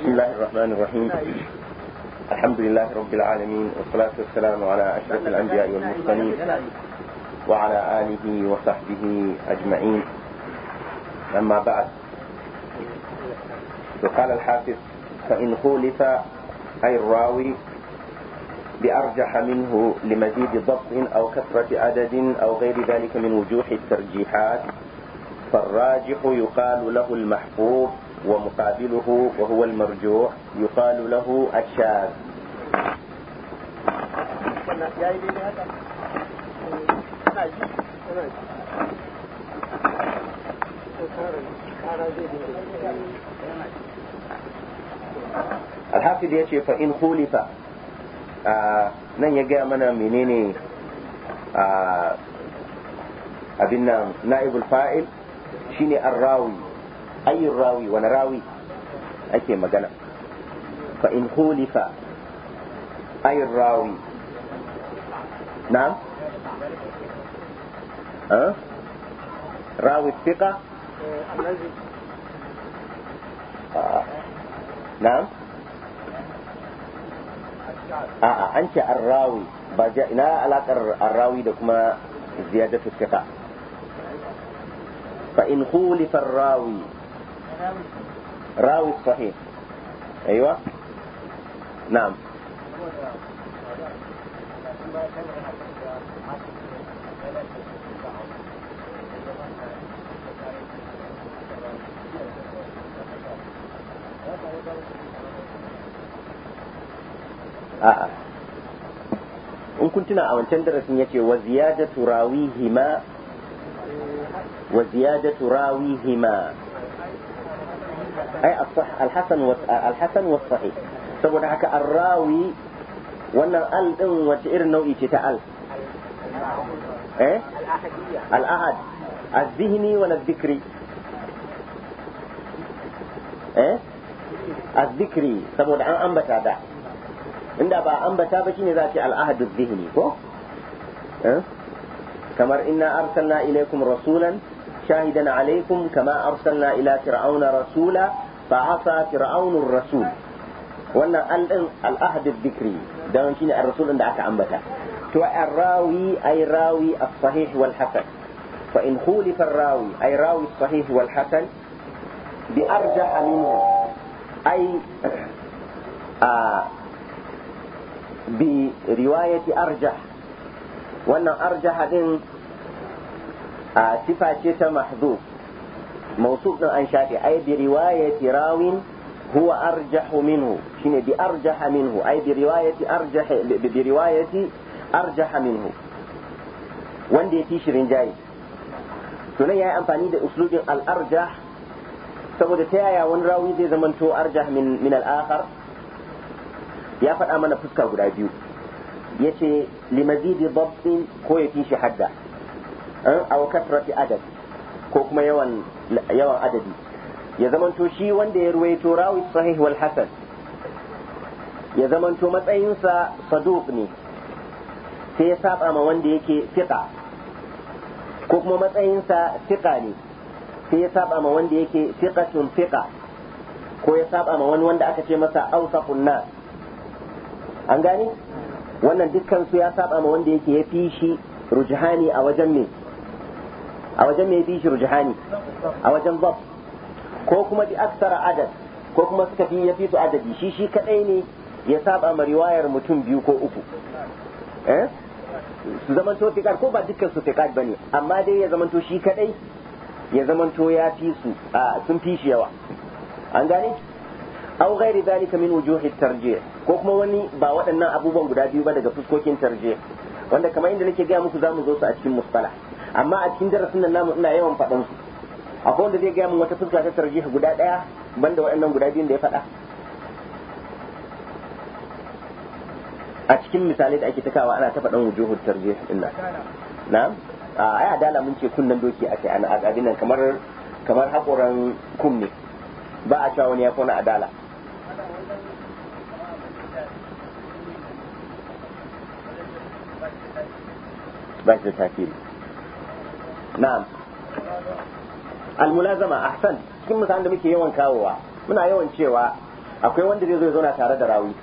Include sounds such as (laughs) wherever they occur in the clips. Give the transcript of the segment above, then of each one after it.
بسم الله الرحمن الرحيم الحمد لله رب العالمين والصلاة والسلام على أشرف الأنبياء والمرسلين وعلى آله وصحبه أجمعين أما بعد فقال الحافظ فإن خولف أي الراوي بأرجح منه لمزيد ضبط أو كثرة عدد أو غير ذلك من وجوه الترجيحات فالراجح يقال له المحفوظ ومقابله وهو المرجوح يقال له الشاذ الحافظ يا شيخ فإن خولف نن آه، يجي أمنا منيني آه، أبنا نائب الفائل شيني الراوي ayin rawi wani rawi ake magana fa in hulifa ayin rawi na'am rawi fiqa na'am a an ce ra'wi ba ina alakar ra'wi da kuma ziyadatu fiqa fa in hulifa ra'wi. راوي الصحيح أيوة نعم a'a in kun a wancan darasin yace wa ziyadatu rawihima wa ziyadatu ai alhassan alhassan wasahi saboda haka arrawi wannan al din wace irin nau'i ce ta al eh al-ahad az-zihni wala dhikri eh az saboda an ambata da inda ba ambata ba shine za a ce al-ahad az-zihni ko kamar inna arsalna rasulan shahidan alaykum kama arsalna ila fir'auna rasula فعصى فرعون الرسول ولا الأهد الذكري ده شيء الرسول عند عك عمبتا تو الراوي أي راوي الصحيح والحسن فإن خولف الراوي أي راوي الصحيح والحسن بأرجح منه أي آه، برواية أرجح وأن أرجح ذن آه، صفة محذوف mawsu din an shafe ai bi riwayati rawin huwa arjahu minhu shine bi arjaha minhu ai bi riwayati arjaha bi riwayati arjaha minhu wanda ya fi shirin jayi ya yi amfani da uslubin al saboda ta yaya wani rawi zai zamanto arjah min min al akhar ya faɗa mana fuska guda biyu yace limazidi ɗin ko ya fi shi hadda aw kasrati adad ko kuma yawan yawan adadi ya zamanto shi wanda ya ruwaito rawi sahih wal hasan ya zamanto matsayinsa saduq ne sai ya saba ma wanda yake fiqa ko kuma matsayinsa fiqa ne sai ya saba ma wanda yake fiqatun fiqa ko ya saba ma wani wanda aka ce masa awsaqun nas an gane wannan dukkan su ya saba ma wanda yake ya fi shi rujhani a wajen me a wajen mai fi shirjihani a wajen zab ko kuma bi aksara adad ko kuma suka fi ya fi su adadi shi shi kadai ne ya saba ma riwayar mutum biyu ko uku eh su zamanto fiqar ko ba dukkan su ba bane amma dai ya zamanto shi kadai ya zamanto ya fi su sun fi shi yawa an gane aw ghairi zalika min wujuhi tarjih ko kuma wani ba waɗannan abubuwan guda biyu ba daga fuskokin tarje, wanda kamar inda nake gaya muku zamu zo su a cikin mustalah amma a cikin darasin nan namu ina yawan faɗan su akwai wanda zai gaya min wata fuska ta tarjiha guda ɗaya banda waɗannan guda biyun da ya faɗa a cikin misalai da ake takawa ana ta faɗan wujuhul tarjiha din nan na'am a ai adala mun ce kunnan doki a kai ana abin nan kamar kamar hakoran kunne ba a cewa wani ya kona adala ba shi da tafiya na'am almulazama ahsan cikin misalan da muke yawan kawowa muna yawan cewa akwai wanda zai zo ya zauna tare da rawi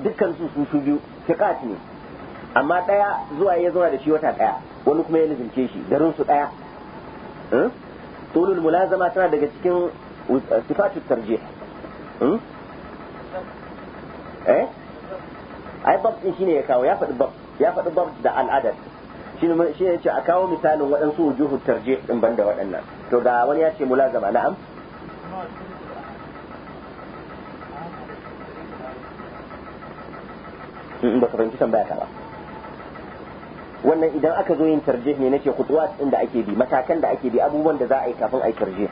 dukkan su su su biyu fiqat ne amma daya zuwa ya zauna da shi wata daya wani kuma ya lizince shi garin su daya hmm? tulul mulazama tana daga cikin uh, sifatut tarjih hmm? eh ai bab din shine ya kawo ya faɗi bab ya faɗi bab da al'adar shi ne ce a kawo misalin waɗansu wujuhu tarje ɗin banda waɗannan to ga wani ya ce mulazama na'am in mm, ba ka fahimci tambaya ka ba wannan idan aka zo yin tarjih ne nace khutuwat din da ake bi matakan da ake bi abubuwan da za a yi kafin a yi tarjih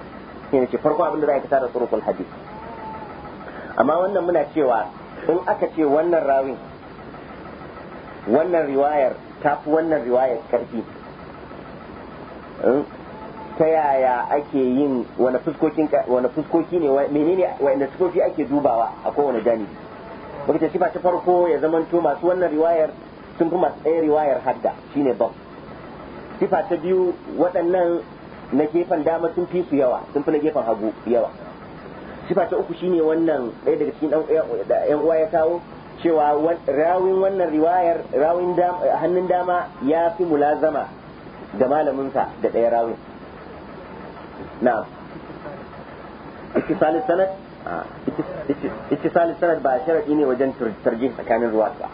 sai nace farko abin da za a yi ka tara turuqul hadith amma wannan muna cewa in aka ce wannan rawin wannan riwayar ta fi wannan riwayar karfi hmm? ta yaya ake yin wani fuskoki ne menene wani fuskoki ake dubawa a kowane janibi wata sifa ta farko ya zamanto masu wannan riwayar sun fi masu ɗaya riwayar hadda shine ne sifa ta biyu waɗannan na gefen dama sun fi su yawa sun fi na gefen hagu yawa sifa ta uku shine wannan ɗaya daga cikin ɗan uwa ya kawo cewa rawin wannan riwayar rawin hannun dama ya fi mulazama da malaminsa da ɗaya rawin na iki sanad ittisalin sanad ba sharaɗi ne wajen tarjih tsakanin ruwa ba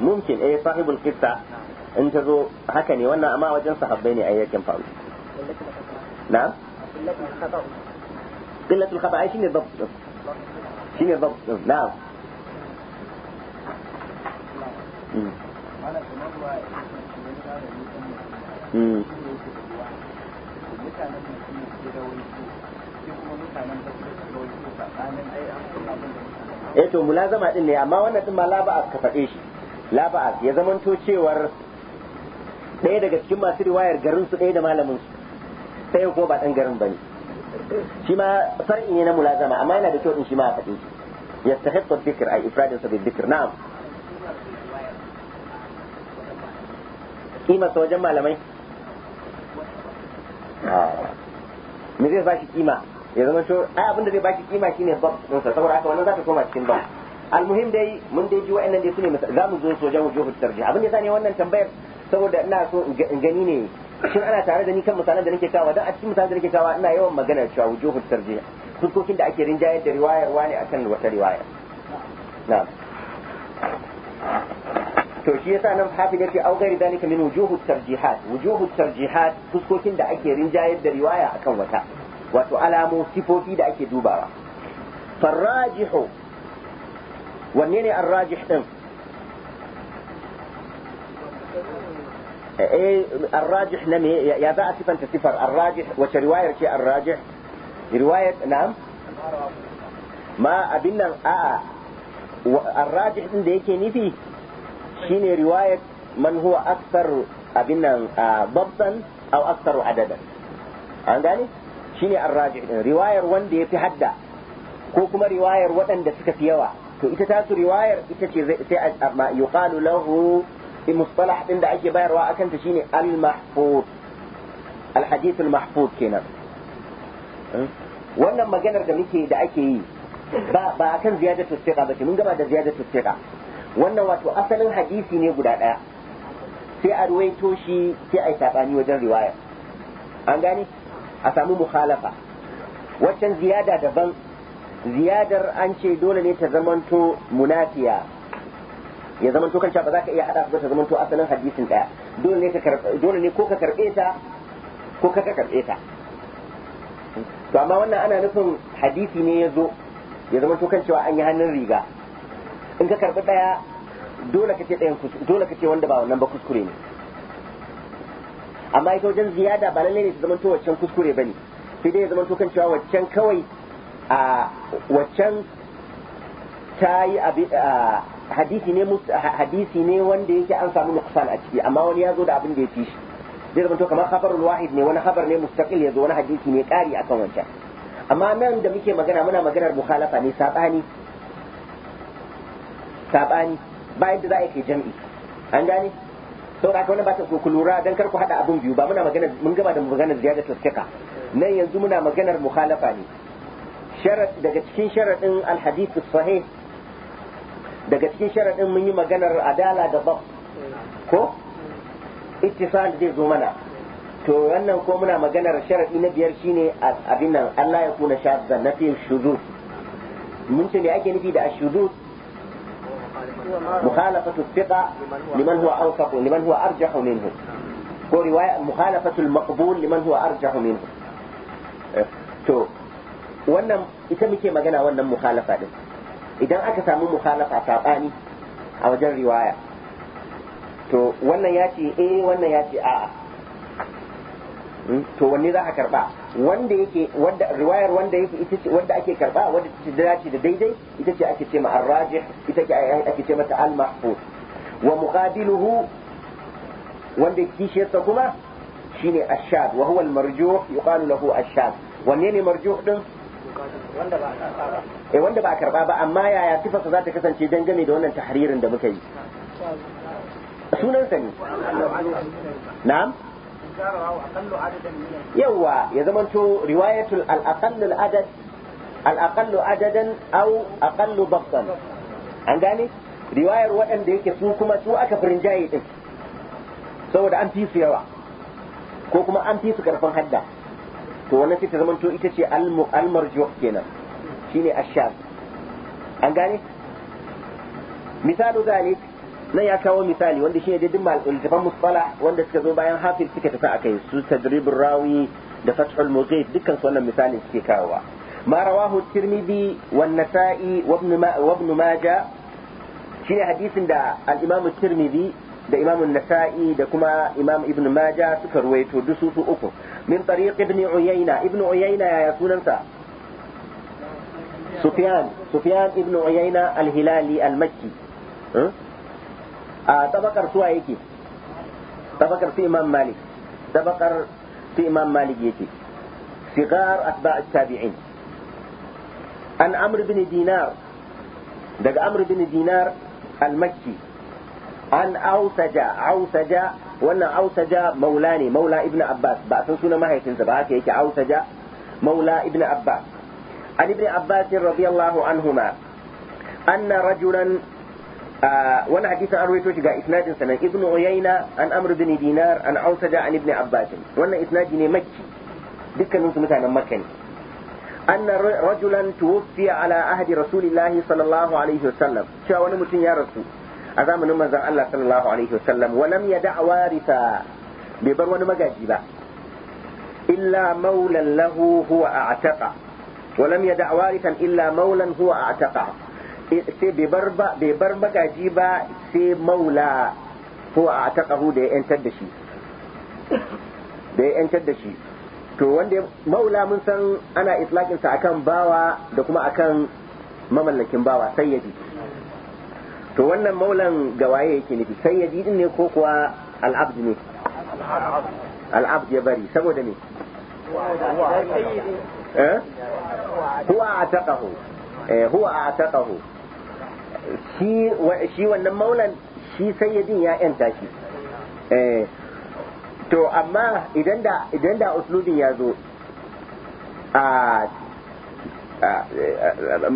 mumkin eh sahibul qissa in ta zo haka ne wannan amma wajen sahabbai ne ayyakin faru na قلة الخطأ شنو الضبط شنو الضبط نعم eh to mulazama din ne amma wannan din ma la ba'a ka faɗe shi la ba'a ya zamanto cewar ɗaya daga cikin masu riwayar garin su ɗaya da malamin su sai ko ba ɗan garin bane shi ma far'i ne na mulazama amma yana da kyau din shi ma a faɗi shi yastahiqqu dikir a ifradin sa dikir na'am kima sa wajen malamai ah. me zai ba shi kima ya zama shi ai abinda zai ba shi kima ne bab ɗinsa saboda haka wannan ka koma cikin bab almuhim dai mun dai ji wa'annan dai su ne za mu zo so wajen juhu tarjih abin da yasa ne wannan tambayar saboda ina so in gani ne shin ana tare da ni kan misalan da nake kawa dan a cikin misalan da nake kawa ina yawan magana cewa wujuhul tarjih fuskokin da ake rinjayar da riwayar wani akan wata riwaya na'am to shi yasa nan hafi yace au gairi dalika min wujuhut tarjihat wujuhut tarjihat fuskokin da ake rinjayar da riwaya akan wata wato alamo sifofi da ake dubawa farrajihu wanne ne arrajih din الراجح نمي يا ذا صفة صفر الراجح وش رواية شيء الراجح رواية نعم ما أبنا آه الراجح إن ده كني في شين رواية من هو أكثر أبنا ضبطا أو أكثر عددا عندني شين الراجح رواية وان ده في حدا ko kuma riwayar waɗanda suka fi yawa to ita tasu riwayar ita ce sai a yuqalu lahu mustalah din da ake bayarwa akan ta shine al-mahfuz al-hadith kenan wannan maganar da muke da ake ba ba akan ziyadatu thiqa ba mun gaba da ziyadatu thiqa wannan wato asalin hadisi ne guda ɗaya. sai a ruwaito shi sai a yi wajen riwaya an gane a samu mukhalafa waccan ziyada daban ziyadar an ce dole ne ta zamanto munafiya ya zama to kanta ba za ka iya hada ba ta zama to asalin hadisin daya dole ne ka dole ne ko ka karbe ta ko ka ka karbe ta to amma wannan ana nufin hadisi ne ya zo ya zama to kan cewa an yi hannun riga in ka karbi daya dole ka ce dayan dole ka ce wanda ba wannan ba kuskure ne amma ita wajen ziyada ba lallai ne ta zama to waccan kuskure bane sai dai ya zama to kan cewa waccan kawai a waccan ta yi hadisi ne hadisi ne wanda yake an samu nuqsan a ciki amma wani ya zo da abin da ya fi shi zai zama to kamar khabarul wahid ne wani khabar ne mustaqil ya zo wani hadisi ne kari akan wancan amma nan da muke magana muna maganar mukhalafa ne sabani sabani bayan da za a yi jam'i an gane saboda haka wani ba ta so ku lura dan kar ku hada abun biyu ba muna magana mun gaba da maganar ziyadatul fiqa nan yanzu muna maganar mukhalafa ne daga cikin sharadin alhadith sahih daga cikin sharaɗin mun yi maganar adala da bab ko ittisal zai zo mana to wannan ko muna maganar sharaɗi na biyar shine abin nan Allah ya kuna shadda na fi shuzuz mun ce me ake nufi da ashuzuz مخالفة الثقة لمن هو أوثق لمن هو أرجح منه ورواية مخالفة المقبول لمن هو أرجح منه To wannan ita muke magana wannan mukhalafa din idan aka samu mukhalafa sabani a wajen riwaya to wannan ya ce eh wannan ya ce a'a hmm? to wanne za a karba wanda yake wanda riwayar wanda yake ita ce wanda ake karba wanda ta ce dace da daidai ita ce ake ce ma ar-rajih ita ce ake ce mata al-mahfuz wa muqabiluhu wanda kishe ta kuma shine ash-shad wa huwa al-marjuh yuqalu lahu ash-shad wanne ne marjuh din E wanda ba a karba ba amma yaya sifarsa za ta kasance dangane da wannan tahririn da muka yi sunansa ne na'am yawa ya zamanto riwayatul al-aqallul adad al-aqallu adadan aw aqallu an gane riwayar waɗanda yake su kuma su aka firinjaye din saboda an fi su yawa ko kuma an fi su karfin hadda to wannan sai ta zama to ita ce almarjuh kenan shine ashaz an gane misalu zalik nan ya kawo misali wanda shine dai duk malifan musfala wanda suka zo bayan hafiz suka tafi akai su tadribur rawi da fathul mughith dukkan su wannan misalin suke kawowa ma rawahu tirmidhi nasa'i wa ibn wa shine hadisin da al-imam tirmidhi da imam nasa'i da kuma imam ibn Maja suka ruwaito duk su uku min tariq ibn uyayna ibn uyayna ya sunansa sufyan sufyan ibn uyayna al-hilali al-makki a tabakar suwa yake tabakar malik tabakar fi malik yake sigar atba' at an amr bin dinar daga amr bin dinar al an ausaja ausaja wannan ausaja maula ne maula ibn abbas ba san sunan mahaifinsa ba haka yake ausaja maula ibn abbas an ibn abbas radiyallahu anhuma anna rajulan wannan hadisin an rawaito shi ga isnadin sanan ibn uyayna an amr bin dinar an ausaja an ibn abbas wannan isnadi ne makki dukkanin su mutanen makka ne أن رجلا توفي على عهد رسول الله صلى الله عليه وسلم شاء ونمتن يا رسول a zamanin manzon Allah sallallahu alaihi wasallam wa lam yada warisa bai bar wani magaji ba illa maulan lahu huwa a'taqa wa lam yada warisan illa maulan huwa a'taqa sai bai bar ba bai bar magaji ba sai maula huwa a'taqahu da ya yantar da shi da ya yantar da shi to wanda maula mun san ana sa akan bawa da kuma akan mamallakin bawa sayyidi to wannan maulan gawaye yake nufi Sai sayyadi din ne ko kuwa al'abd ne al'abd ya bari saboda ne eh? huwa a taƙahu eh, huwa a taƙahu shi wannan maulan shi sayyidin ya yanta shi eh, to amma idan da uslubin ya zo a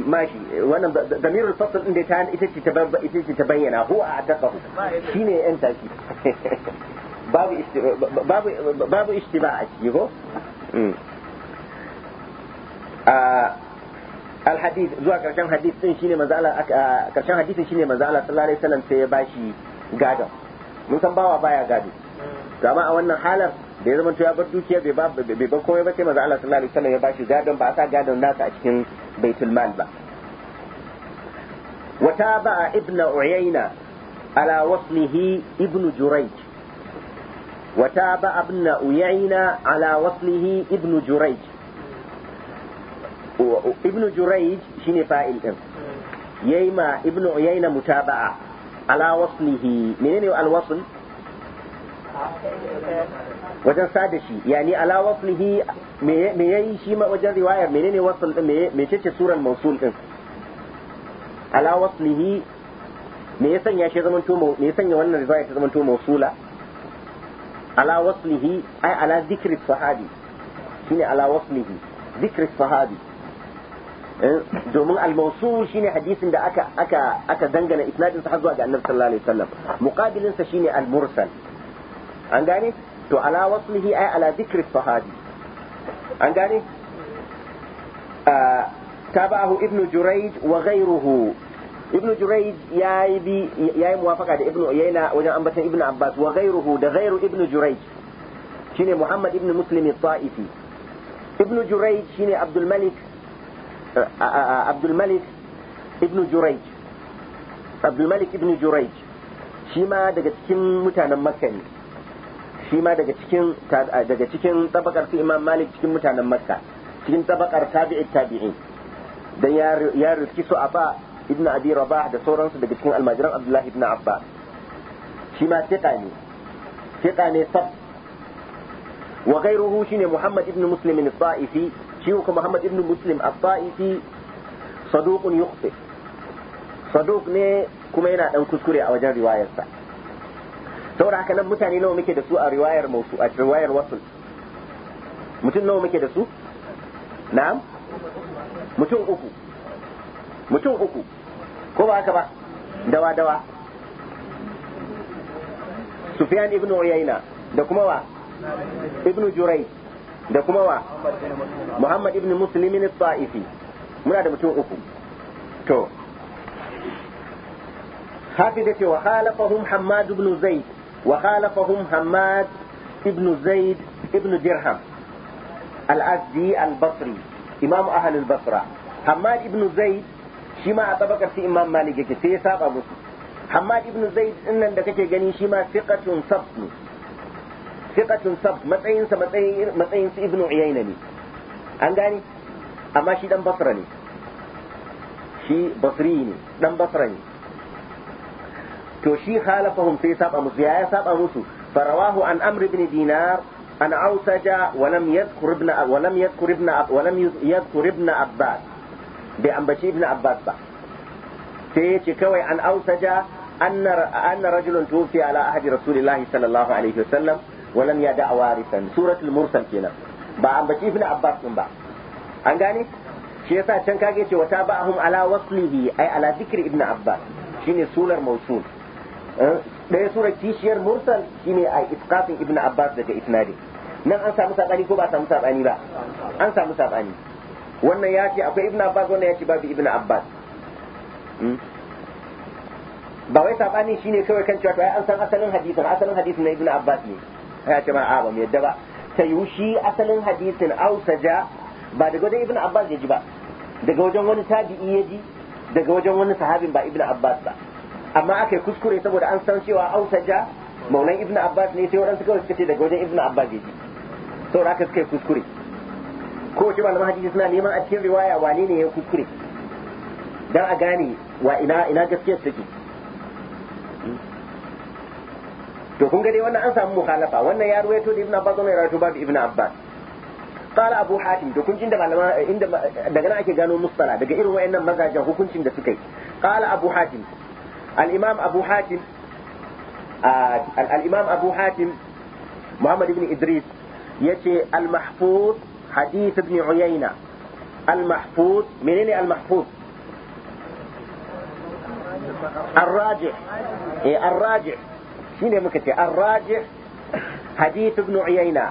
mashi wannan damirul fasl din da ta ita ita ce ta bayyana huwa ataqahu shine yan taki (laughs) babu babu babu ishtiba a ciki ko mm. alhadith zuwa karshen hadith hadithin shine manzo Allah sallallahu alaihi sai ya bashi gadon mun bawa baya gado to amma a wannan halar da ya zama ya bar dukiya bai ba bai ba komai ba sai maza Allah sallallahu alaihi wasallam ya bashi gadon ba a sa gadon nasa a cikin baitul mal ba wa taba'a ibnu uyayna ala waslihi ibnu jurayj wa taba'a ibnu uyayna ala waslihi ibnu jurayj ibnu jurayj shine fa'il ɗin yayi ma ibnu Uyaina mutaba'a ala menene al wajen sada shi yani ala waslihi me yayi shi ma wajen riwayar menene wasl din me ce ce suran mausul din ala waslihi me ya sanya shi zaman to me ya sanya wannan riwaya ta zaman to mausula ala waslihi ai ala zikri sahabi shine ala waslihi zikri sahabi eh, domin al-mawsul shine hadisin da aka aka aka dangana isnadin sa zuwa ga annabi sallallahu alaihi wasallam muqabilin sa shine al-mursal an gane to ala waslihi ay ala dhikri sahabi an gane ah, tabahu ibnu jurayj wa ghayruhu ibnu jurayj yayi bi yayi muwafaqa da ibnu uyayna wajen ambatan ibnu abbas wa ghayruhu da ghayru ibnu jurayj shine muhammad ibnu muslim at-ta'ifi ibnu jurayj shine abdul malik ah, ah, abdul malik ibnu jurayj abdul malik ibnu jurayj shi ma daga cikin mutanen makka ne shi ma daga cikin daga cikin tabakar su imam malik cikin mutanen makka cikin tabakar tabi'i tabi'in dan ya riski su aba ibnu abi rabah da sauransu daga cikin almajiran abdullahi ibnu abbas shi ma tiqa ne tiqa ne sab wa ghayruhu shine muhammad ibnu muslim al-sa'ifi shi ko muhammad ibnu muslim al-sa'ifi saduqun yukhti saduq ne kuma yana dan kuskure a wajen riwayarsa saboda haka nan mutane nawa muke da su a riwayar mausu a riwayar wasul mutum nawa muke da su na'am mutum uku mutum uku ko ba haka ba dawa dawa Sufyan ibn Uyayna da kuma wa ibn Jurai da kuma wa Muhammad ibn Muslimin al-Ta'ifi muna da mutum uku to hafi da cewa khalafahum Hammad ibn Zaid وخالفهم حماد ابن زيد ابن درهم الأزدي البصري إمام أهل البصرة حماد ابن زيد شما أطبق في إمام مالك سيساب أبو حماد ابن زيد إن لك جني شما ثقة صبت ثقة صبت متين متين متين ابن عيينة an gane amma shi dan basra ne shi basri ne dan basra ne to shi khalafahum sai saba musu ya saba musu farawahu an amr ibn dinar an ausaja wa lam yadhkur ibn wa lam yadhkur ibn wa lam yadhkur ibn abbas bai ambaci ibn abbas ba sai yace kawai an ausaja anna anna rajulun tufi ala ahdi rasulillahi sallallahu alaihi wasallam wa lam yada warisan suratul mursal kenan ba ambaci ibn abbas din ba an gane shi yasa can kage ce wata ba'ahum ala waslihi ay ala zikri ibn abbas shine sunar mausul ɗaya eh? sura kishiyar mursal shine a isqatin ibnu abbas daga isnadi nan an samu sabani ko ba samu sabani ba an samu sabani wannan ya ce akwai ibnu abbas wannan ya ce babu ibnu abbas hmm? ba wai sabani shine kawai kan cewa to ai an san asalin hadisin asalin hadisin na ibnu abbas ne ya ce ma a ba mu yadda ba sai shi asalin hadisin ausaja ba daga wajen ibnu abbas ya ji ba daga wajen wani tabi'i ya ji daga wajen wani sahabin ba ibnu abbas ba amma aka yi kuskure saboda an san cewa ausaja maunan ibnu abbas ne sai waɗansu kawai suka ce daga wajen ibnu abbas yake saboda aka suka yi kuskure ko wace malaman hadisi suna neman a cikin riwaya wane ne ya kuskure dan a gane wa ina ina gaskiyar take to kun ga dai wannan an samu mukhalafa wannan ya ruwaito da ibnu abbas wannan ya ruwaito babu ibnu abbas قال abu hatim to kun inda malama inda daga nan ake gano mustala daga irin wayannan mazajen hukuncin da suka yi qala abu hatim الإمام أبو حاتم آه الإمام أبو حاتم محمد بن إدريس يتي المحفوظ حديث ابن عيينة المحفوظ منين المحفوظ الراجح إيه الراجح شنو مكتي الراجح حديث ابن عيينة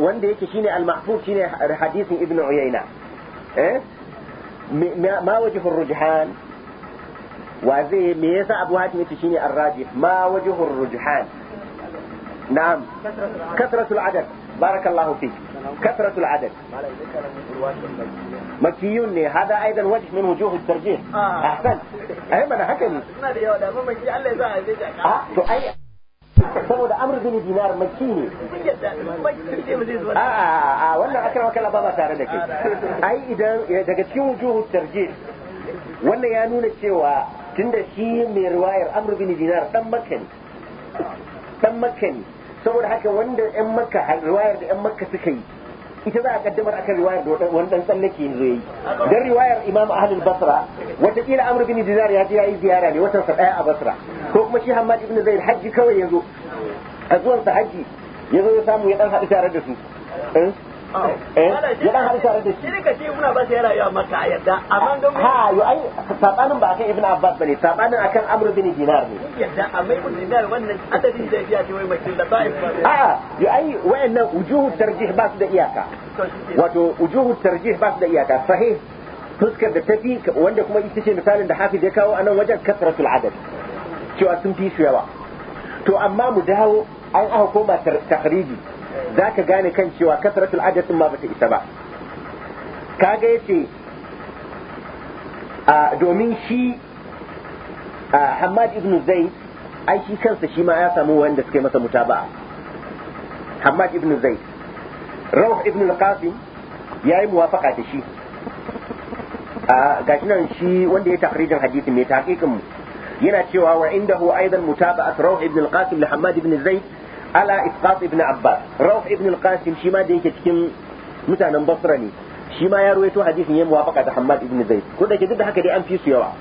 wanda yake shine المحفوظ mahfuz حديث ابن عيينة إيه؟ ما وجه الرجحان وزي ميسا أبو هاتم تشيني الراجح ما وجه الرجحان نعم كثرة العدد بارك الله فيك كثرة العدد مكيون هذا أيضا وجه من وجوه الترجيح آه. أحسن أي ما نحكي أه تؤي سمو ده أمر بني دينار مكيني آه آه آه, آه. ولا أكرم وكلا بابا سار لك آه. أي إذا دقت كي وجوه الترجيح ولا يانون الشيء tunda shi mai riwayar amur bin dinar dan makka ne dan makka ne saboda haka wanda yan makka riwayar da yan makka suka yi ita za a kaddamar akan riwayar da wani dan tsallake yanzu yayi dan riwayar imam ahlul basra wata kila amr bin dinar ya je yayi ziyara ne watan sa daya a basra ko kuma shi hammad ibn zaid hajji kawai yazo a zuwan sa hajji yazo ya samu ya dan hadu tare da su eh? Eh, eh, ya dan hadu tare da shi ka ce muna ba sai rayuwa maka yadda amma don ha yo ai sabanin ba akan ibn abbas bane sabanin akan amr bin dinar ne yadda amma ibn dinar wannan adadin da ya ce wai makin da ba a yo ai wayannan wujuhu tarjih ba su da iyaka wato wujuhu tarjih ba su da iyaka sahih fuskar da tafi wanda kuma ita ce misalin da hafiz ya kawo a nan wajen kasratul adad cewa sun fi su yawa to amma mu dawo an aka koma tahriji za ka gane kan cewa kasaratul adadin ma bata isa ba kaga yace a domin shi Hamad ibn Zaid ai shi kansa shi ma ya samu wanda suke masa mutaba'a Hamad ibn Zaid rauf ibn al-Qasim yayi muwafaka da shi a gashi nan shi wanda ya takrijin hadisi mai taqiqin mu yana cewa wa indahu aidan mutaba'at rauf ibn al-Qasim li Hamad ibn Zaid ala isqat ibn abbas rauf ibn al-qasim shi ma da yake cikin mutanen basra ne shi ma ya ruwaito hadisin ya muwafaka da hammad ibn zaid ko da ke duk da haka dai an fi su yawa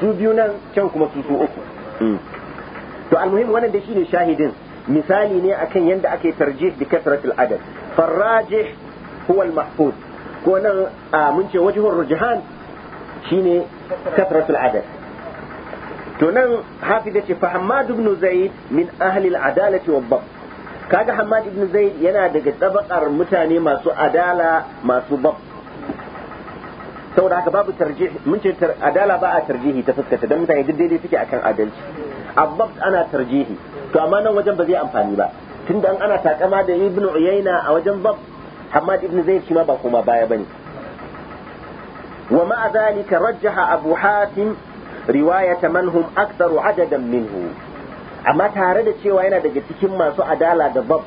su biyu nan can kuma su su uku hmm. to almuhim wannan da shine shahidin misali ne akan yanda ake tarjih bi kasratil adad farrajih huwa al-mahfuz ko nan mun ce wajhur rujhan shine kasratul adad to nan hafiz ce fa hammad ibn zaid min ahli al-adalati wad-dhabt kaga Hamad ibn Zaid yana daga tabakar mutane masu adala masu bab saboda haka babu tarjih mun ce adala ba a tarjihi ta fuskata dan mutane duk daidai suke akan adalci abbab ana tarjihi to amma nan wajen ba zai amfani ba tunda an ana takama da ibn Uyayna a wajen bab Hamad ibn Zaid shi ma ba kuma baya bane wa ma'a zalika rajjaha Abu Hatim riwayata man hum adadan minhu amma tare da cewa yana daga cikin masu adala da bab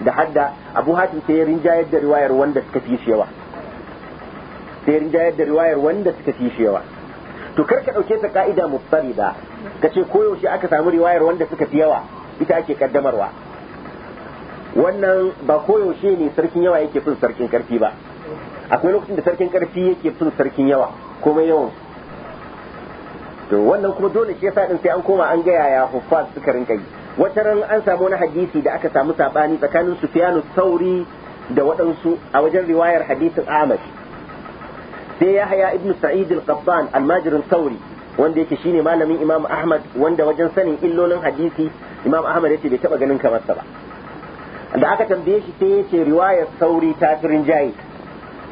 da hadda abu hatim sai ya rinja yadda riwayar wanda suka fi shi yawa sai ya rinja yadda riwayar wanda suka fi shi yawa to karka ka dauke ta ka'ida mufarida ce koyaushe aka samu riwayar wanda suka fi yawa ita ake kaddamarwa wannan ba koyaushe ne sarkin yawa yake fin sarkin karfi ba akwai lokacin da sarkin karfi yake fin sarkin yawa komai yawan to wannan kuma dole shi yasa din sai an koma an ga yaya huffaz suka rinka yi wata ran an samu wani hadisi da aka samu sabani tsakanin Sufyanu Sauri da waɗansu a wajen riwayar hadisin Ahmad sai Yahya ibn Sa'id al-Qattan al-Majrin Sauri wanda yake shine malamin Imam Ahmad wanda wajen sanin illolin hadisi Imam Ahmad yace bai taba ganin kamar sa ba da aka tambaye shi sai yace riwayar Sauri ta firin jayi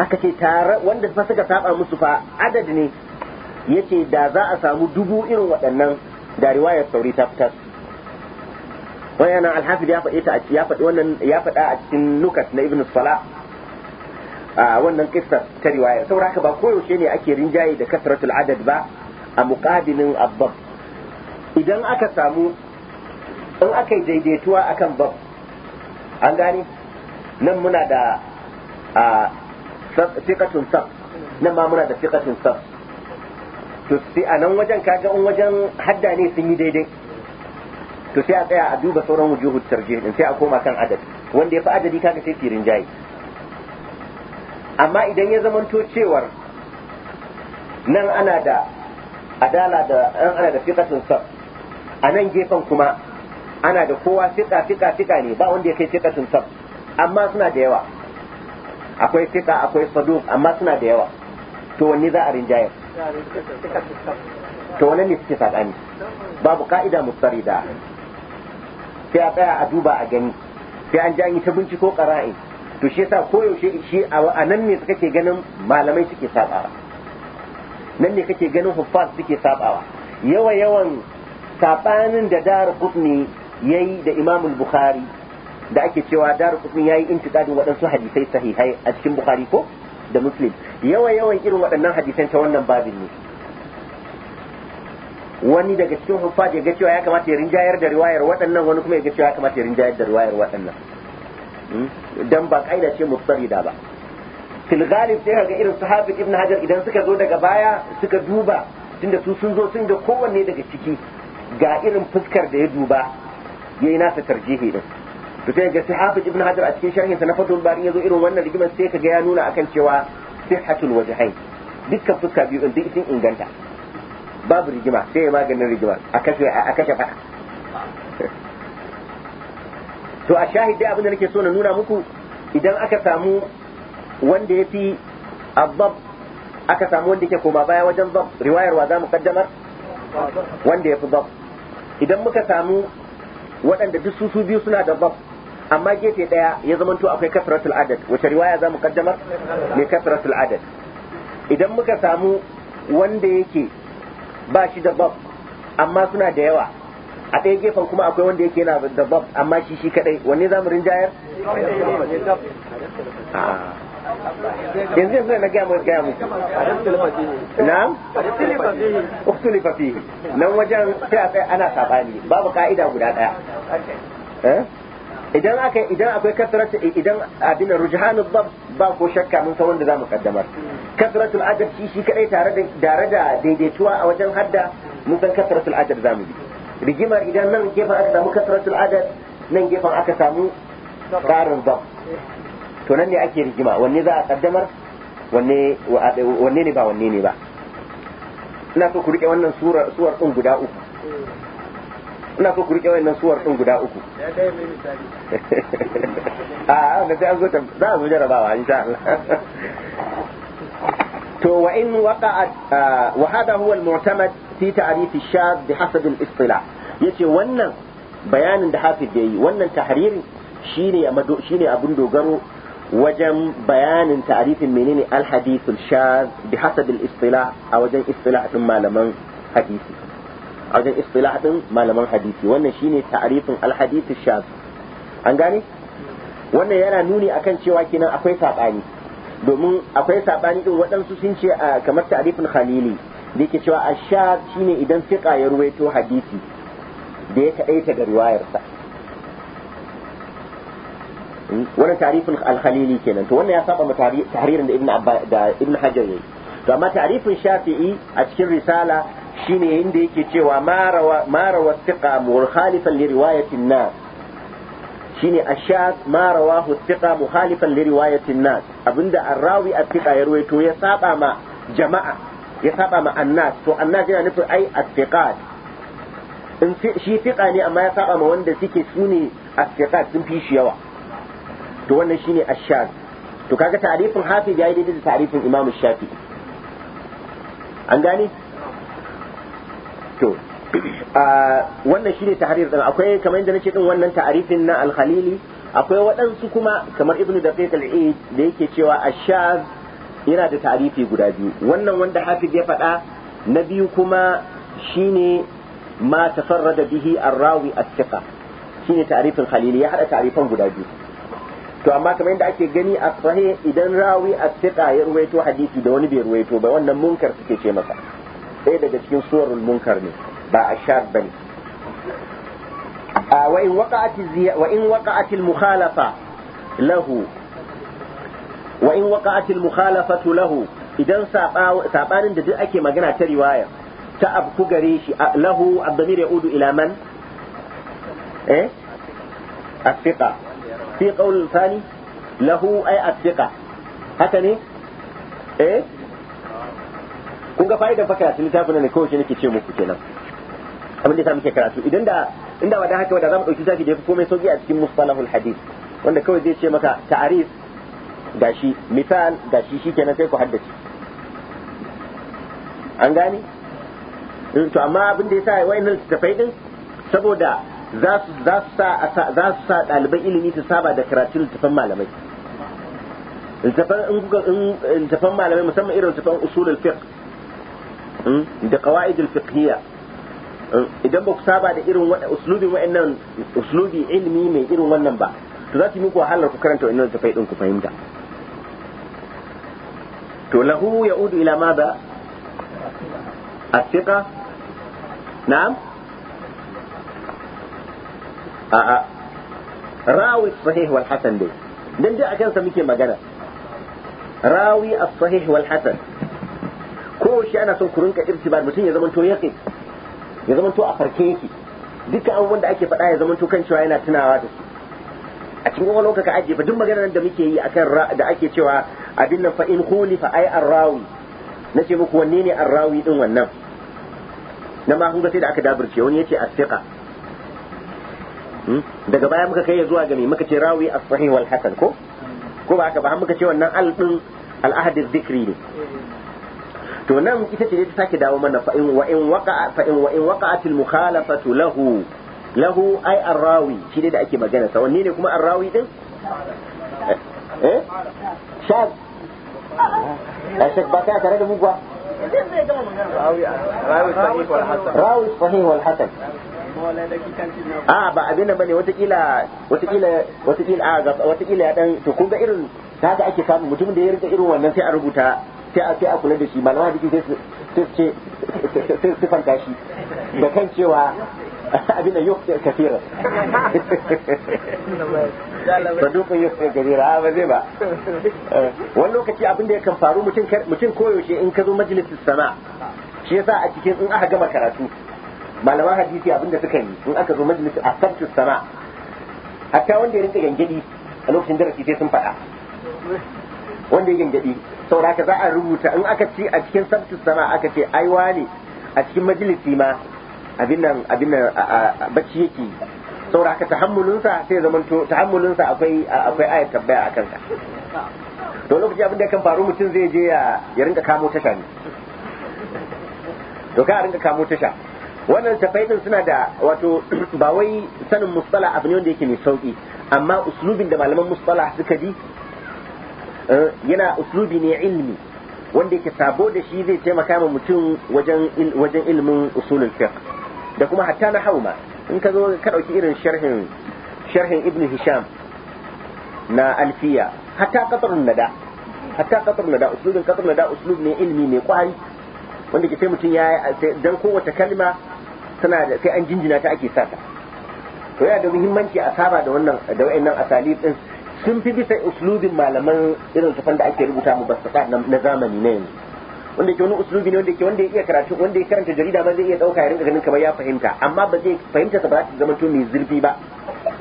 aka ce tare wanda fa suka saba musu fa adad ne yake da za a samu dubu irin waɗannan da riwayar sauri tabtas wayana wani ya faɗi ta ya faɗi wannan ya faɗa a cikin nukat na ibn sala a wannan kissa ta riwayar saboda haka ba koyaushe ne ake rinjaye da kasratul adad ba a muqabilin abbab idan aka samu in aka yi daidaituwa akan bab an gane nan muna da a fiqatun sab nan ma muna da fiqatun sab to sai a nan wajen kaga in wajen hadda ne sun yi daidai to sai a tsaya a duba sauran wujuhut tarjih din sai a koma kan adadi wanda ya fi adadi kaga sai firin jayi amma idan ya zamanto cewar nan ana da adala da an ana da fiqatun sab a nan gefen kuma ana da kowa fiqa fiqa fiqa ne ba wanda ya kai fiqatun sab amma suna da yawa akwai fiqa akwai saduq amma suna da yawa to wanne za a rinjayar to wannan ne suke saɓani babu ka'ida da. sai a tsaya a duba a gani sai an ji an yi ta binciko ƙara'in to shi yasa koyaushe shi a nan ne kake ganin malamai suke saɓawa nan ne kake ganin huffaz suke saɓawa yawa yawan saɓanin da dar kutni yayi da imam bukhari da ake cewa dar kutni yi intikadin waɗansu hadisai sahihai a cikin bukhari ko da muslim yawa yawan irin waɗannan hadisan ta wannan babin ne wani daga cikin huffaz ya ga cewa ya kamata ya rinjayar da riwayar waɗannan wani kuma ya ga cewa ya kamata ya rinjayar da riwayar waɗannan hmm? dan ba kaida ce mufsarida ba fil galib sai kaga irin sahabi ibn hajar idan suka zo daga baya suka duba tunda su sun zo sun ga kowanne daga ciki ga irin fuskar da ya duba yayi nasa tarjihi din to sai ga sahabi ibn hajar a cikin sharhin sa na fatul bari yazo irin wannan rigimar sai kaga ya nuna akan cewa sihhatul wajhain dukkan fuska biyu din sun inganta babu rigima sai ya maganin rigima a kashe a kashe fada (laughs) to a shahidi abin da nake so na nuna muku idan aka samu wanda ya fi azab aka samu wanda yake koma baya wajen zab riwayarwa za mu kaddamar wanda ya fi zab idan muka samu waɗanda duk su biyu suna da zab amma gefe daya ya to akwai kasratul adad wace riwaya za mu kaddamar mai kasratul adad idan muka samu wanda yake ba shi da bab amma suna da yawa a ɗaya gefen kuma akwai wanda yake yana da bab amma shi shi kadai wanne za mu rinjayar ah. yanzu yanzu na gaya mai gaya muku na? uktulifa fafi nan wajen sai a ana sabani babu ka'ida guda daya eh? idan aka idan akwai kasratu idan abin rujhanu dab ba ko shakka mun san wanda zamu kaddamar kasratul ajr shi shi kadai tare da tare da daidaituwa a wajen hadda mun san kasratul ajr zamu bi rigimar idan nan gefen aka samu kasratul ajr nan gefen aka samu karin dab to nan ne ake rigima wanne za a kaddamar wanne wanne ne ba wanne ne ba ina so ku rike wannan surar suwar din guda uku ina so ku rike wayannan suwar din guda uku (laughs) a da sai an zo za a jarabawa insha (laughs) to wa in waqa'at wa hada huwa al-mu'tamad fi ta'rif ash-shadh al-istila yace wannan bayanin da hafiz yayi wannan tahririn shine shine abin dogaro wajen bayanin ta'rifin menene al-hadith ash-shadh al-istila a wajen istilah din malaman hadisi a wajen istilah din malaman hadisi wannan shine ta'rifin al-hadith ash an gane wannan yana nuni akan cewa kenan akwai sabani domin akwai sabani din waɗansu sun ce ah, kamar ta'rifin khalili da yake cewa ash shine idan fiqa ya ruwaito hadisi da ya kadaita ga riwayarsa wannan tarifin al-khalili kenan to wannan ya saba mu tahririn da ibn Abba da ibn hajar yayi to amma tarifin shafi'i a cikin risala shine inda yake cewa marawa marawa thiqa mukhalifan li riwayatin nas shine ashad marawa thiqa mukhalifan li riwayatin nas abinda arrawi athiqa ya ruwaito ya saba ma jama'a ya saba ma annas to annas yana nufin ai athiqat in shi thiqa ne amma ya saba ma wanda suke sune athiqat sun fi shi yawa to wannan shine ashad to kaga ta'rifin hafiz yayi daidai da ta'rifin imam shafi'i an gane to wannan shine tahrir din akwai kamar yadda nake din wannan ta'arifin na al-khalili akwai waɗansu kuma kamar ibn daqiq al-eid da yake cewa ash-shaz yana da ta'arifi guda biyu wannan wanda hafiz ya faɗa na biyu kuma shine ma tafarrada bihi ar-rawi as-thiqa shine ta'arifin khalili ya hada ta'arifan guda biyu to amma kamar yadda ake gani a sahih idan rawi as-thiqa ya ruwaito hadisi da wani bai ruwaito ba wannan munkar suke ce masa ɗaya daga cikin suwar munkar ne ba a bane ba ne. waqa'ati wa in waqa'ati al mukhalafa lahu wa in waqa'ati al mukhalafatu lahu idan sabanin da duk ake magana ta riwaya ta abku gare shi lahu ad-damir yaudu ila man eh athiqa fi qawl thani lahu ay athiqa haka ne eh kun ga fa'idan fa karatu littafin ne kawai nake ce muku kenan abin da ta muke karatu idan da inda wada haka wada zamu dauki zaki da yafi komai sauki a cikin mustalahul hadith wanda kawai zai ce maka ta'arif gashi misal gashi shikenan sai ku haddace an gane to amma abin da yasa wayannan tafai din saboda za su za su sa za su sa dalibai ilimi su saba da karatun littafan malamai littafan in kuka littafan malamai musamman irin littafan usulul fiqh Hmm? da qawaid al-fiqhiyya hmm? idan ba ku saba da irin uslubin wa'annan uslubi ilimi mai irin wannan ba to za su muku wahalar ku karanta wa'annan tafai din ku fahimta to lahu ya'udu ila ma ba athiqa na'am A'a. a rawi sahih wal hasan dai dan dai akan sa muke magana rawi as-sahih wal hasan ko shi ana son ka rinka ba mutum ya zamanto yake ya zamanto a farke yake dukkan abubuwan da ake faɗa ya zamanto kan cewa yana tunawa da su a cikin wani lokaci ajiye fa duk magana da muke yi akan da ake cewa abin nan fa in fa ai arrawi nace muku wanne ne arrawi din wannan na ma kun ga sai da aka daburce wani yace as hmm? daga baya muka kai zuwa ga me muka ce rawi as-sahih wal hasan ko ko ba haka ba muka ce wannan al din al-ahad ne to nan ita ce ta sake dawo mana fa in wa in waqa fa in wa in waqa'atil mukhalafatu lahu lahu ai arrawi shi ne da ake magana sa wanne ne kuma arrawi din eh, eh? shab a eh, shek ba ka tare da mu ba rawi sahih wal hasan a ba abin nan bane watakila watakila watakila a ga watakila ya dan to kun ga irin haka ake samu mutumin da ya rinka irin wannan sai a rubuta sai a sai a kula da shi malaman hadisi sai sai ce sai su shi da kan cewa abin da yuk kafira (laughs) sadukun yuk kafira a ah, ba zai ba eh, wani lokaci abin da kan faru mutum koyaushe in ka zo majalisar sana shi yasa a cikin in aka gama karatu malaman hadisi abin da suka yi in aka zo majalisar a sabtu sana hatta wanda ya rinka gangadi a lokacin darasi sai sun faɗa wanda ya gangadi ka za a rubuta in aka ci a cikin sabtu sana aka ce aiwa ne a cikin majalisi ma abin nan abin nan bacci yake saboda haka tahammulunsa sai ya zamanto tahammulunsa akwai akwai ayat tabbaya akan ka to lokaci abin da kan faru mutum zai je ya ya rinka kamo tasha ne to ka rinka kamo tasha wannan tafai suna da wato (clears throat) ba wai sanin mustala abin ne wanda yake mai sauki amma uslubin da malaman mustala suka ji Eh, yana uslubi ne ilmi wanda yake sabo da shi zai taimaka ma mutum wajen wajen ilmin usulul fiqh da kuma hatta na hauma in ka zo ka dauki irin sharhin sharhin ibnu hisham na alfiya hatta qatrun nada hatta qatrun nada uslubin qatrun nada uslub ne ilmi mai kwari wanda ke sai mutum ya dan kowace kalma tana da sai an jinjina ta ake sata to yana da muhimmanci a saba da wannan da wayannan asalib din sun fi bisa uslubin malaman irin su da ake rubuta mu basata na zamani ne wanda ke wani uslubi ne wanda ke wanda ya iya karatu wanda ya karanta jarida ba zai iya dauka ya rinka ganin kamar ya fahimta amma ba zai fahimta sa ba za ta zama to mai zurfi ba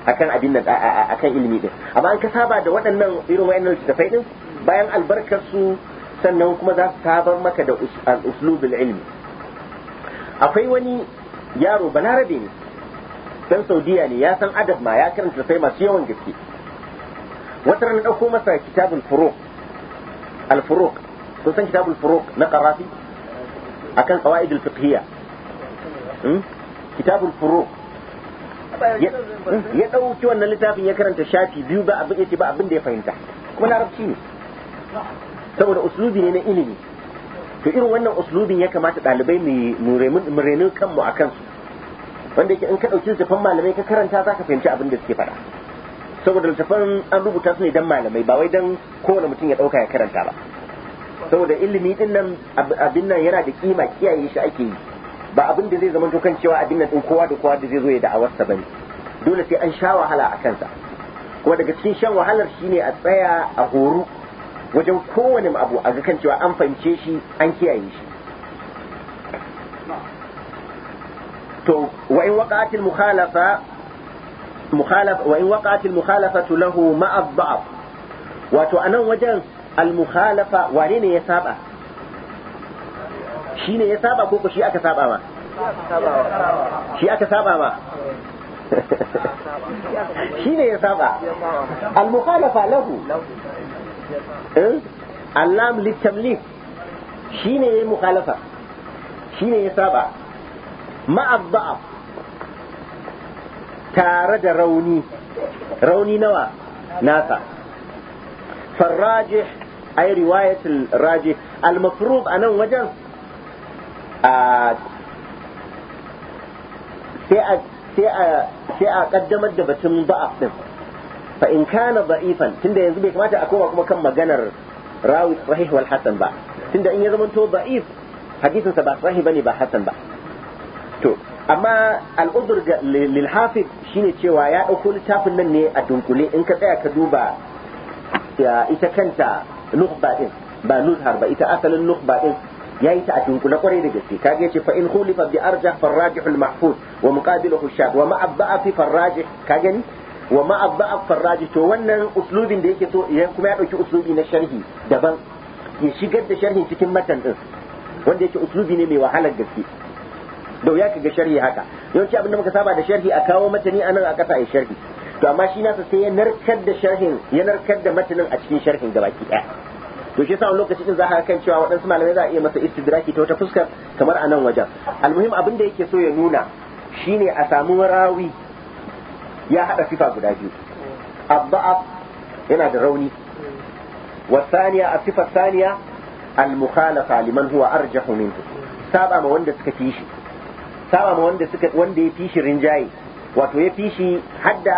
akan abin nan akan ilimi din amma an ka saba da waɗannan irin wayannan tafai din bayan albarkar su sannan kuma za su sabar maka da uslubul ilmi akwai wani yaro balarabe ne dan saudiya ne ya san adab ma ya karanta sai masu yawan gaske wata rana ɗauko masa kitabul furuq al furuq kun san kitabul furuq na qarafi akan qawaid al fiqhiyya hmm? kitabul furuq hmm, ya ɗauki wannan littafin ya karanta shafi biyu ba abin yake ba abin da ya fahimta kuma larabci ne saboda uslubi ne na ilimi to irin wannan uslubin ya kamata ɗalibai mu renu kanmu a kansu wanda yake in ka ɗauki littafin malamai ka karanta za ka fahimci abin da suke faɗa saboda littafan an rubuta su ne dan malamai ba wai dan kowane mutum ya ɗauka ya karanta ba saboda ilimi din nan abin nan yana da kima kiyaye shi ake yi ba abin da zai zama kan cewa abin nan din kowa da kowa da zai zo ya da'awar sa bane dole sai an sha wahala a kansa kuma daga cikin shan wahalar shi ne a tsaya a horo wajen kowane abu a ga kan cewa an fahimce shi an kiyaye shi to wa in waqa'atil mukhalafa مخالف وإن وقعت المخالفة له مع الضعف وتؤنى وجن المخالفة وانين يسابع شين يسابع كوكو شيء أكسابع ما شيء أكسابع ما (laughs) شين يسابع المخالفة له إيه؟ اللام للتمليك شين مخالفة شين يسابع مع الضعف tare da rauni rauni nawa nasa farrajih ay riwayatul rajih al-mafruq a nan wajen? sai a kaddamar da batun ba'af din fa in kana da'ifan tunda yanzu bai kamata a koma kuma kan maganar rawi sahih wal hasan ba tunda in ya zama to da'if hadisin ba sahih bane ba hasan ba to amma al'udur lil shi shine cewa ya ɗauko littafin nan ne a dunkule in ka tsaya ka duba ita kanta nukhba ɗin ba nuzhar ba ita asalin nukhba din yayi ta a dunkule kwarai da gaske kage yace fa in khulifa bi arjah farrajih al mahfuz wa muqabiluhu shad wa ma'abba fi farrajih kage ni wa ma'abba farrajih to wannan uslubin da yake so ya kuma ya dauki uslubi na sharhi daban ya shigar da sharhin cikin matan din wanda yake uslubi ne mai wahalar gaske da wuya ka ga sharhi haka yawanci abinda muka saba da sharhi a kawo matani anan a kasa a sharhi to amma shi nasa sai ya narkar da sharhin ya narkar da matanin a cikin sharhin gabaki ɗaya to shi yasa lokaci din za a kan cewa waɗansu malamai za a iya masa istidraki ta wata fuskar kamar a nan wajen almuhim abin da yake so ya nuna shine a samu rawi ya haɗa sifa guda biyu abba'af yana da rauni wasaniya a sifar saniya al-mukhalafa liman huwa arjahu minhu saba ma wanda suka fi shi saba ma wanda suka wanda ya fi shi rinjaye wato ya fi shi hadda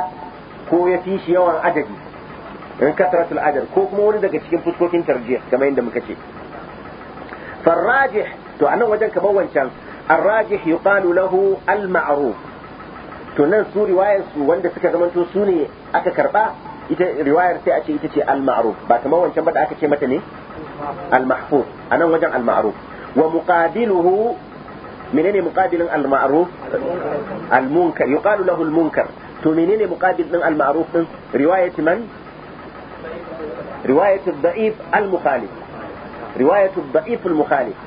ko ya fi shi yawan adadi in kasratul adad ko kuma wani daga cikin fuskokin tarjih kamar yadda muka ce farrajih to anan wajen kamar wancan arrajih yuqalu lahu al ma'ruf to nan su riwayar su wanda suka zamanto su ne aka karba ita riwayar sai a ce ita ce al ma'ruf ba kamar wancan ba da aka ce mata ne al mahfuz anan wajen al ma'ruf wa muqabiluhu menene muqabilin al-ma'ruf al-munkar yuqalu lahu al-munkar to menene muqabil din al-ma'ruf din riwayat man riwayat ad-da'if al-mukhalif riwayat ad-da'if al-mukhalif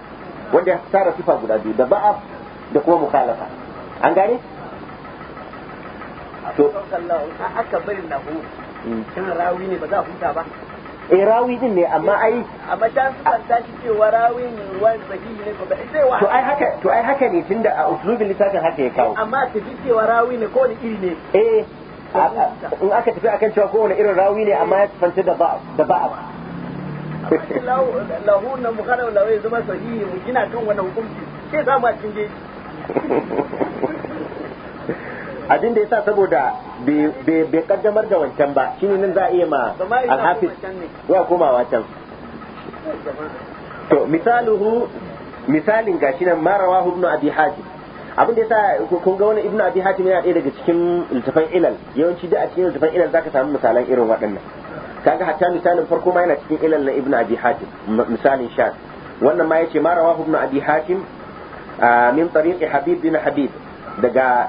wanda ya tsara sifa guda biyu da ba'af da kuma mukhalafa an gane to aka bari lahu kin mm. rawi ne ba za a huta ba E, rawi din ne amma ai amma ta sukanta shi cewa rawi ne wa sahihi ne ko ba sai wa to ai haka to ai haka ne tunda a uslubin littafin haka ya kawo amma ta ji cewa rawi ne ko ne iri ne eh in aka tafi akan cewa ko wani irin rawi ne amma ya sufanta da ba da ba lahu na mukhara wala wai zama sahihi mu gina kan wannan hukunci sai za a cinje (laughs) abin da yasa saboda bai kaddamar da wancan ba shi ne nan za a iya ma alhafiz wa komawa can to misaluhu misalin shi nan marawahu ibnu abi abin da yasa kun ga wani ibnu abi hatim yana daya daga cikin littafan ilal yawanci da a cikin littafan ilal zaka samu misalan irin waɗannan kaga hatta misalin farko ma yana cikin ilal na ibnu abi hatim misalin sha wannan ma yace marawahu ibnu abi hatim min tariqi habib bin habib daga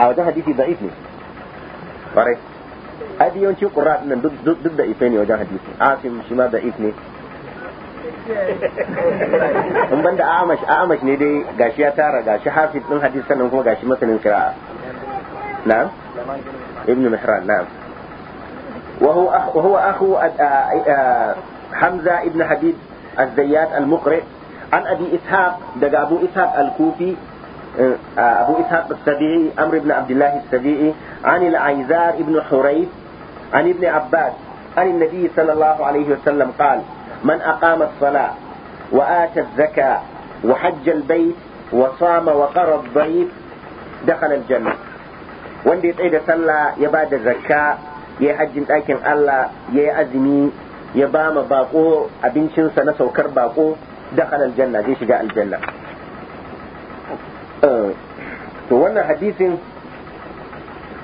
أو ده حديث ضعيف نه فري هذه يوم شو قرأت من ضد ضد ضعيفين يوجد حديث عاصم شو ما ضعيف نه (laughs) من بند أعمش أعمش ندي غاشي أتارا غاشي حافظ من حديث كان هو غاشي مثلا كرا نعم ابن محران نعم وهو أخ وهو أخو آه، آه، حمزة ابن حبيب الزيات المقرئ عن أبي إسحاق دجابو إسحاق الكوفي أبو إسحاق السبيعي أمر بن عبد الله السبيعي عن العيزار بن حريث عن ابن عباس عن النبي صلى الله عليه وسلم قال من أقام الصلاة وآتى الزكاة وحج البيت وصام وقرى الضيف دخل الجنة وان دي تعيد صلى يباد الزكاة يحج لكن الله يأزمي يبام باقو ɗakin Allah كرباقو دخل الجنة دي شجاء الجنة to wannan hadisin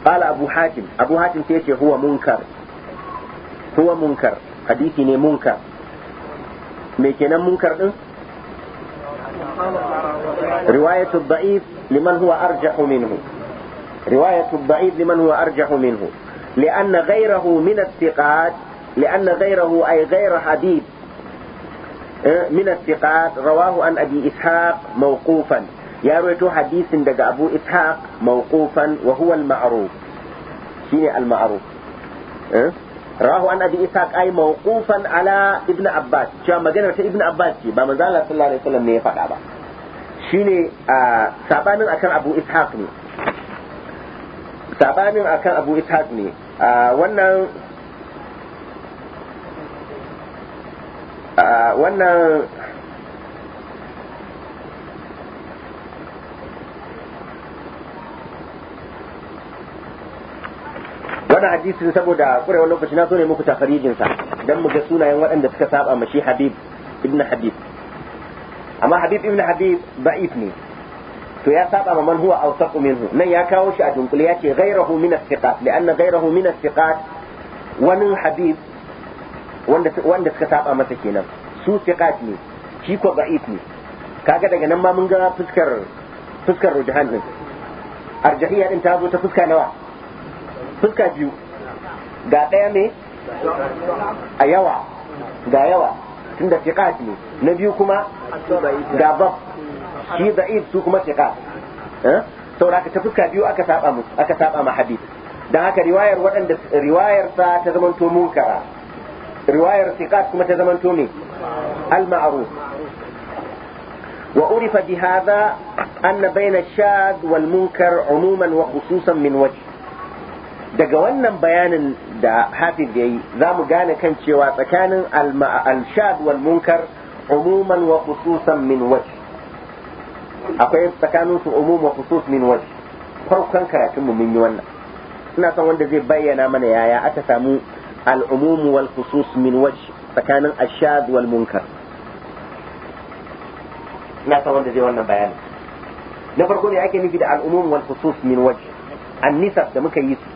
قال أبو حاتم أبو حاتم sai yace huwa munkar huwa munkar hadisi منكر munkar منكر kenan رواية الضعيف لمن هو أرجح منه رواية الضعيف لمن هو أرجح منه لأن غيره من الثقات لأن غيره أي غير حديث آه، من الثقات رواه عن أبي إسحاق موقوفا ya rawaito hadisin daga abu ishaq mawqufan wa huwa al-ma'ruf shine al-ma'ruf eh? rahu an abi ishaq ay mawqufan ala Ibn abbas cewa magana ta Ibn abbas ce ba manzo Allah sallallahu alaihi wasallam ne ya faɗa ba shine ah, sabanin akan abu ishaq ne sabanin akan abu ishaq ne ah, wannan ah, wannan wannan hadisin saboda kurewar lokaci na so ne muku tafarijin sa dan mu ga sunayen waɗanda suka saba ma shi Habib ibn Habib amma Habib ibn Habib da'if ne to ya saba ma man huwa awsaq minhu nan ya kawo shi a dunkule ya ce ghayrahu min as-siqat li'anna ghayrahu min as-siqat wani Habib wanda wanda suka saba masa kenan su siqat ne shi ko da'if ne kaga daga nan ma mun ga fuskar fuskar rujahan din arjahiyya din ta zo ta fuska nawa suka biyu ga ɗaya ne a yawa ga yawa tun da fiqat ne na biyu kuma ga bab shi da'if su kuma fiqat saboda ta fuska biyu aka saba musu aka saba ma hadith dan haka riwayar waɗanda riwayar sa ta to munkara riwayar fiqat kuma ta to ne al-ma'ruf وعرف بهذا أن wal munkar 'umuman wa khususan min wajh daga wannan bayanin da hafiz ya yi za mu gane kan cewa tsakanin al-shad wal munkar umuman wa khususan min wajh akwai tsakanin su umum wa khusus min wajh farkon karatun mu mun yi wannan ina son wanda zai bayyana mana yaya aka samu al-umum wal khusus min wajh tsakanin al shad wal munkar ina son wanda zai wannan bayanin na farko ne ake nufi da al-umum wal khusus min wajh an-nisab da muka yi su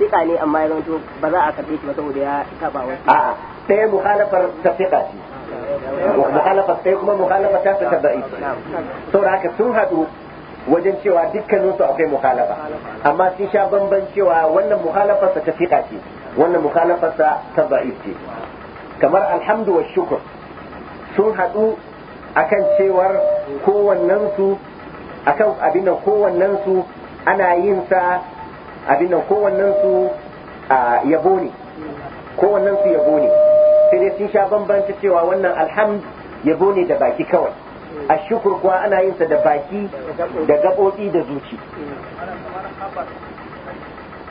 fiqa ne amma ya zanto ba za a karbe shi ba saboda ya saba wasu a'a sai mukhalafar ta fiqa ce muhalafar sai kuma muhalafar ta ta da'i saboda haka sun hadu wajen cewa dukkanin su akwai mukhalafa amma sun sha bamban cewa wannan mukhalafar ta fiqa ce wannan mukhalafar ta da'i ce kamar alhamdu wa shukr sun hadu akan cewar kowannen su akan abin nan kowannen ana yin sa abin nan kowannen su yabo ne kowannen su yabo ne sai dai sun sha bambanta cewa wannan alhamd yabo ne da baki kawai a shukur kuwa ana yin sa da baki da gaɓoɓi da zuci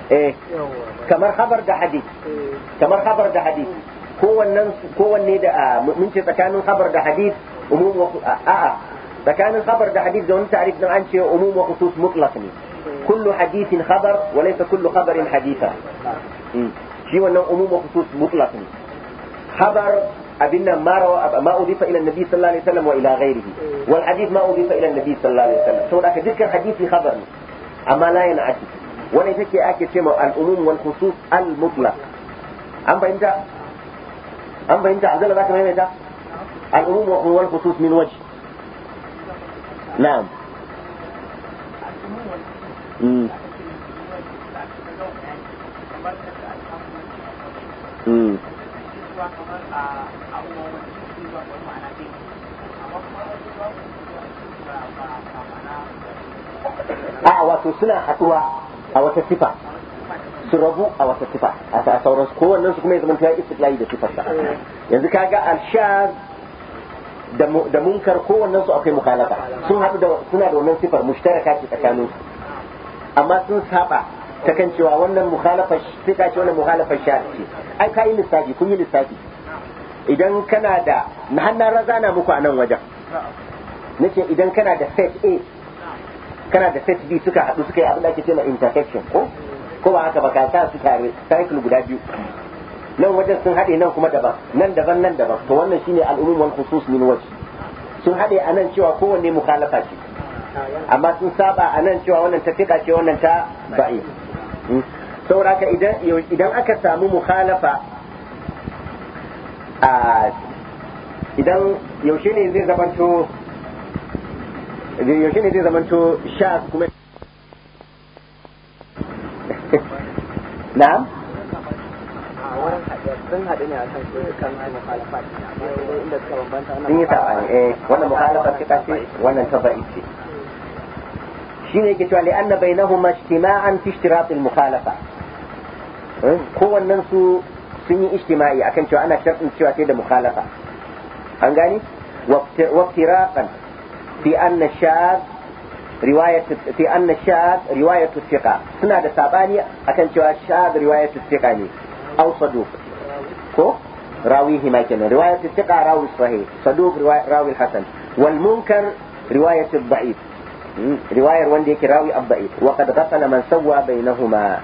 eh, kamar habar da hadith kamar habar da hadith kowannen kowanne da mun ce tsakanin habar da hadith umum wa a'a tsakanin habar da hadith da wani ta'rif din an ce umum wa khusus mutlaq ne كل حديث خبر وليس كل خبر حديثا شيء وأنه أموم وخصوص مطلق خبر أبنا ما, روى ما أضيف إلى النبي صلى الله عليه وسلم وإلى غيره والحديث ما أضيف إلى النبي صلى الله عليه وسلم سوى ذلك ذكر حديثي خبر أما لا ينعكس ولا يتكي أكي شيء الأموم والخصوص المطلق أم فهمت أم فهمت عبد الله ذاك الأموم والخصوص من وجه نعم a wato suna haɗuwa a wata sifa su rabu a wata sifa a sauransu kowannen su kuma ya zamanta ya layi da sifarsa yanzu kaga alshaz da munkar kowannen su akwai mukhalafa sun haɗu da suna da wannan sifar mushtaraka ce tsakanin su amma sun saba ta kan cewa wannan mukhalafa fika ce wannan mukhalafar shari ce ai kai lissafi kun yi lissafi idan kana da na hannar raza na muku a nan wajen nace idan kana da set A kana da set B suka haɗu suka yi abin da ake cewa intersection ko ko ba haka ba ka sa su tare cycle guda biyu nan wajen sun haɗe nan kuma daban nan daban nan daban to wannan shine al'umum wal khusus min wajhi sun haɗe a nan cewa kowanne mukhalafa ce amma sun saba a nan cewa wannan ta fiƙa ce wannan ta ba'i hmm. saboda haka idan aka samu mukhalafa a idan yaushe ne zai zamanto yaushe ne zai zamanto sha kuma na'am haɗu ne a kan kan inda suka bambanta wannan mukhalafa ce wannan ta ba'i ce شنو قلت لأن بينهما اجتماعا في اشتراط المخالفة قوة إيه؟ ننسو سني اجتماعي أكن شو أنا شرط شو أتيد مخالفة أنقاني وافتراقا في أن الشاب رواية في أن الشاب رواية الثقة سنة سابانية أكن شو الشاذ رواية الثقة لي أو صدوق كو راويه ما كان رواية الثقة راوي الصحيح صدوق راوي الحسن والمنكر رواية الضعيف Hmm. riwayar wanda yake rawi abba'i wa qad ghasala man sawwa bainahuma